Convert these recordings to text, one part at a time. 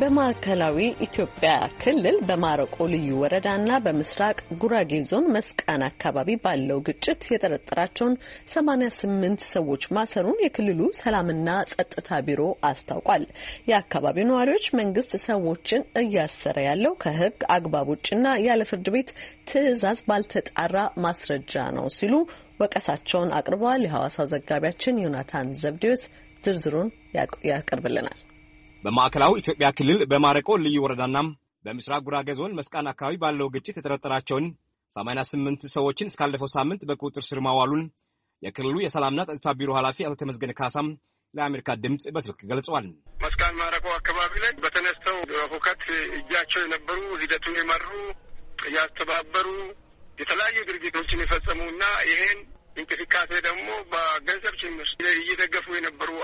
በማዕከላዊ ኢትዮጵያ ክልል በማረቆ ልዩ ወረዳና በምስራቅ ጉራጌ ዞን መስቃን አካባቢ ባለው ግጭት የጠረጠራቸውን 88 ሰዎች ማሰሩን የክልሉ ሰላምና ጸጥታ ቢሮ አስታውቋል። የአካባቢው ነዋሪዎች መንግስት ሰዎችን እያሰረ ያለው ከህግ አግባብ ውጭና ያለ ፍርድ ቤት ትዕዛዝ ባልተጣራ ማስረጃ ነው ሲሉ ወቀሳቸውን አቅርበዋል። የሐዋሳው ዘጋቢያችን ዮናታን ዘብዴዎስ ዝርዝሩን ያቀርብልናል። በማዕከላዊ ኢትዮጵያ ክልል በማረቆ ልዩ ወረዳና በምስራቅ ጉራጌ ዞን መስቃን አካባቢ ባለው ግጭት የተጠረጠራቸውን 88 ሰዎችን እስካለፈው ሳምንት በቁጥጥር ስር ማዋሉን የክልሉ የሰላምና ጸጥታ ቢሮ ኃላፊ አቶ ተመስገን ካሳም ለአሜሪካ ድምፅ በስልክ ገልጸዋል። መስቃን ማረቆ አካባቢ ላይ በተነስተው ሁከት እጃቸው የነበሩ ሂደቱን የመሩ እያስተባበሩ የተለያዩ ድርጊቶችን የፈጸሙና ይሄን እንቅስቃሴ ደግሞ በገንዘብ ጭምር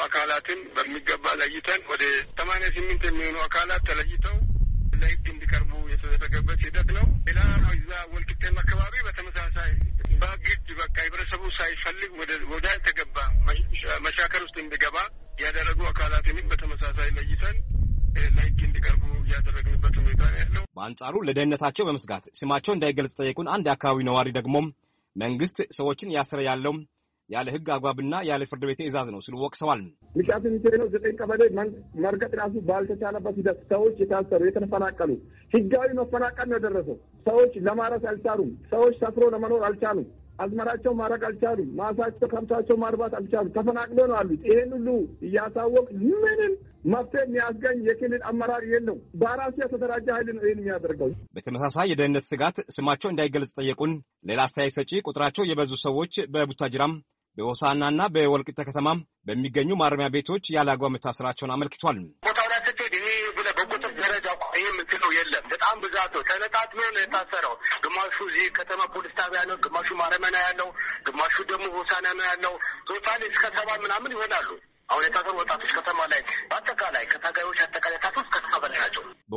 አካላትን በሚገባ ለይተን ወደ ሰማንያ ስምንት የሚሆኑ አካላት ተለይተው ለህግ እንዲቀርቡ የተደረገበት ሂደት ነው። ሌላ እዛ ወልቂጤም አካባቢ በተመሳሳይ በግድ በቃ ህብረተሰቡ ሳይፈልግ ወደ ተገባ መሻከር ውስጥ እንዲገባ ያደረጉ አካላትንም በተመሳሳይ ለይተን ለህግ እንዲቀርቡ ሁኔታ ነው ያለው። በአንጻሩ ለደህንነታቸው በመስጋት ስማቸው እንዳይገልጽ ጠየቁን አንድ አካባቢ ነዋሪ ደግሞ መንግስት ሰዎችን ያስረ ያለው ያለ ህግ አግባብና ያለ ፍርድ ቤት ትዕዛዝ ነው ሲሉ ወቅሰዋል። ሚኒስቴር ነው ዘጠኝ ቀበሌ መርገጥ ራሱ ባልተቻለበት ሂደት ሰዎች የታሰሩ የተፈናቀሉ ህጋዊ መፈናቀል ነው የደረሰው። ሰዎች ለማረስ አልቻሉም። ሰዎች ሰፍሮ ለመኖር አልቻሉም። አዝመራቸው ማድረግ አልቻሉም። ማሳቸው ከብታቸው ማርባት አልቻሉም። ተፈናቅሎ ነው አሉት። ይሄን ሁሉ እያሳወቅ ምንም መፍትሄ የሚያስገኝ የክልል አመራር የለው። በራሱ የተደራጀ ኃይል ነው ይህን የሚያደርገው። በተመሳሳይ የደህንነት ስጋት ስማቸው እንዳይገለጽ ጠየቁን ሌላ አስተያየት ሰጪ ቁጥራቸው የበዙ ሰዎች በቡታጅራም በሆሳናና በወልቂጤ ከተማ በሚገኙ ማረሚያ ቤቶች ያለ አግባብ መታሰራቸውን አመልክቷል። የምትለው የለም። በጣም ብዛት ተነጣጥሎ ነው የታሰረው። ግማሹ እዚህ ከተማ ፖሊስ ጣቢያ ነው፣ ግማሹ ማረሚያ ነው ያለው፣ ግማሹ ደግሞ ሆሳና ነው ያለው። ቶታል እስከ ሰባ ምናምን ይሆናሉ። አሁን የታሰሩ ወጣቶች ከተማ ላይ በአጠቃላይ ከታጋዮች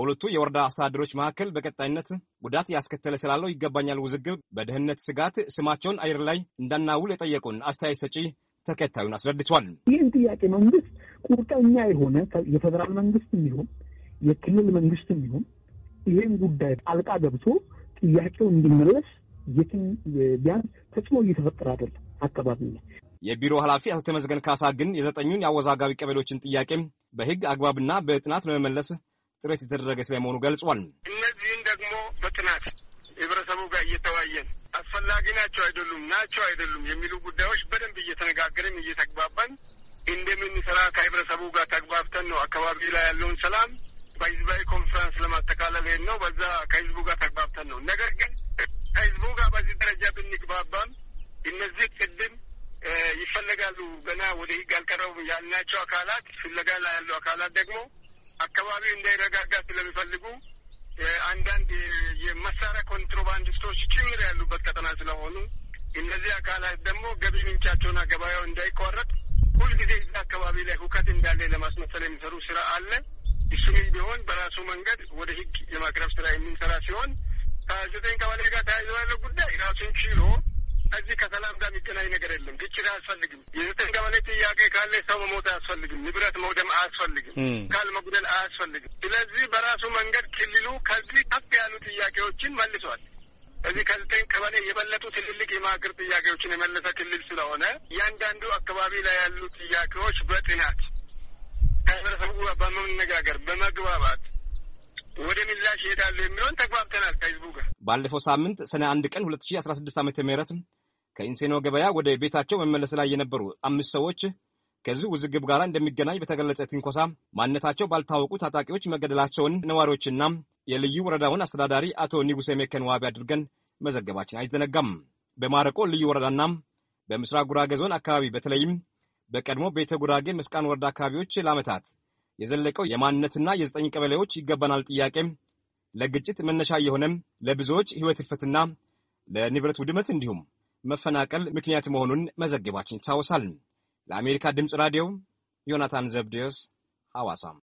በሁለቱ የወረዳ አስተዳደሮች መካከል በቀጣይነት ጉዳት ያስከተለ ስላለው ይገባኛል ውዝግብ በደህንነት ስጋት ስማቸውን አየር ላይ እንዳናውል የጠየቁን አስተያየት ሰጪ ተከታዩን አስረድቷል። ይህን ጥያቄ መንግስት ቁርጠኛ የሆነ የፌዴራል መንግስት ይሁን የክልል መንግስት ይሁን ይህን ጉዳይ ጣልቃ ገብቶ ጥያቄው እንዲመለስ የትም ቢያንስ ተጽዕኖ እየተፈጠረ አይደለም አካባቢ ላይ የቢሮ ኃላፊ አቶ ተመዝገን ካሳ ግን የዘጠኙን የአወዛጋቢ ቀበሌዎችን ጥያቄ በህግ አግባብና በጥናት ለመመለስ ጥረት የተደረገ ስለመሆኑ ገልጿል። እነዚህን ደግሞ በጥናት ህብረተሰቡ ጋር እየተዋየን አስፈላጊ ናቸው አይደሉም ናቸው አይደሉም የሚሉ ጉዳዮች በደንብ እየተነጋገርን እየተግባባን እንደምንሰራ ከህብረተሰቡ ጋር ተግባብተን ነው አካባቢ ላይ ያለውን ሰላም በህዝባዊ ኮንፈረንስ ለማጠቃለል ነው። በዛ ከህዝቡ ጋር ተግባብተን ነው። ነገር ግን ከህዝቡ ጋር በዚህ ደረጃ ብንግባባም እነዚህ ቅድም ይፈለጋሉ ገና ወደ ህግ አልቀረቡም ያልናቸው አካላት ፍለጋ ላይ ያሉ አካላት ደግሞ አካባቢው እንዳይረጋጋ ስለሚፈልጉ አንዳንድ የመሳሪያ ኮንትሮባንዲስቶች ጭምር ያሉበት ቀጠና ስለሆኑ እነዚህ አካላት ደግሞ ገቢ ምንጫቸውና ገበያው እንዳይቋረጥ ሁልጊዜ እዚ አካባቢ ላይ ሁከት እንዳለ ለማስመሰል የሚሰሩ ስራ አለ። እሱም ቢሆን በራሱ መንገድ ወደ ህግ የማቅረብ ስራ የሚንሰራ ሲሆን ከዘጠኝ ቀበሌ ጋር ተያይዞ ያለው ጉዳይ ራሱን ችሎ ከዚህ ከሰላም ጋር የሚገናኝ ነገር የለም። ግጭት አያስፈልግም። የዘጠኝ ቀበሌ ጥያቄ ካለ ሰው መሞት አያስፈልግም። ንብረት መውደም አያስፈልግም። ካል መጉደል አያስፈልግም። ስለዚህ በራሱ መንገድ ክልሉ ከዚህ ከፍ ያሉ ጥያቄዎችን መልሷል። እዚህ ከዘጠኝ ቀበሌ የበለጡ ትልልቅ የማክር ጥያቄዎችን የመለሰ ክልል ስለሆነ እያንዳንዱ አካባቢ ላይ ያሉ ጥያቄዎች በጥናት ከህብረተሰቡ በመነጋገር በመግባባት ወደ ምላሽ ይሄዳሉ የሚሆን ተግባብተናል ከህዝቡ ጋር። ባለፈው ሳምንት ሰኔ አንድ ቀን ሁለት ሺ አስራ ስድስት ዓመተ ምህረት ከኢንሴኖ ገበያ ወደ ቤታቸው መመለስ ላይ የነበሩ አምስት ሰዎች ከዚህ ውዝግብ ጋር እንደሚገናኝ በተገለጸ ትንኮሳ ማንነታቸው ባልታወቁ ታጣቂዎች መገደላቸውን ነዋሪዎችና የልዩ ወረዳውን አስተዳዳሪ አቶ ኒጉሴ ሜከን ዋቢ አድርገን መዘገባችን አይዘነጋም። በማረቆ ልዩ ወረዳና በምስራቅ ጉራጌ ዞን አካባቢ በተለይም በቀድሞ ቤተ ጉራጌ መስቃን ወረዳ አካባቢዎች ለዓመታት የዘለቀው የማንነትና የዘጠኝ ቀበሌዎች ይገባናል ጥያቄ ለግጭት መነሻ የሆነም ለብዙዎች ሕይወት ሕልፈትና ለንብረት ውድመት እንዲሁም መፈናቀል ምክንያት መሆኑን መዘገባችን ይታወሳል። ለአሜሪካ ድምፅ ራዲዮ ዮናታን ዘብዴዎስ ሐዋሳም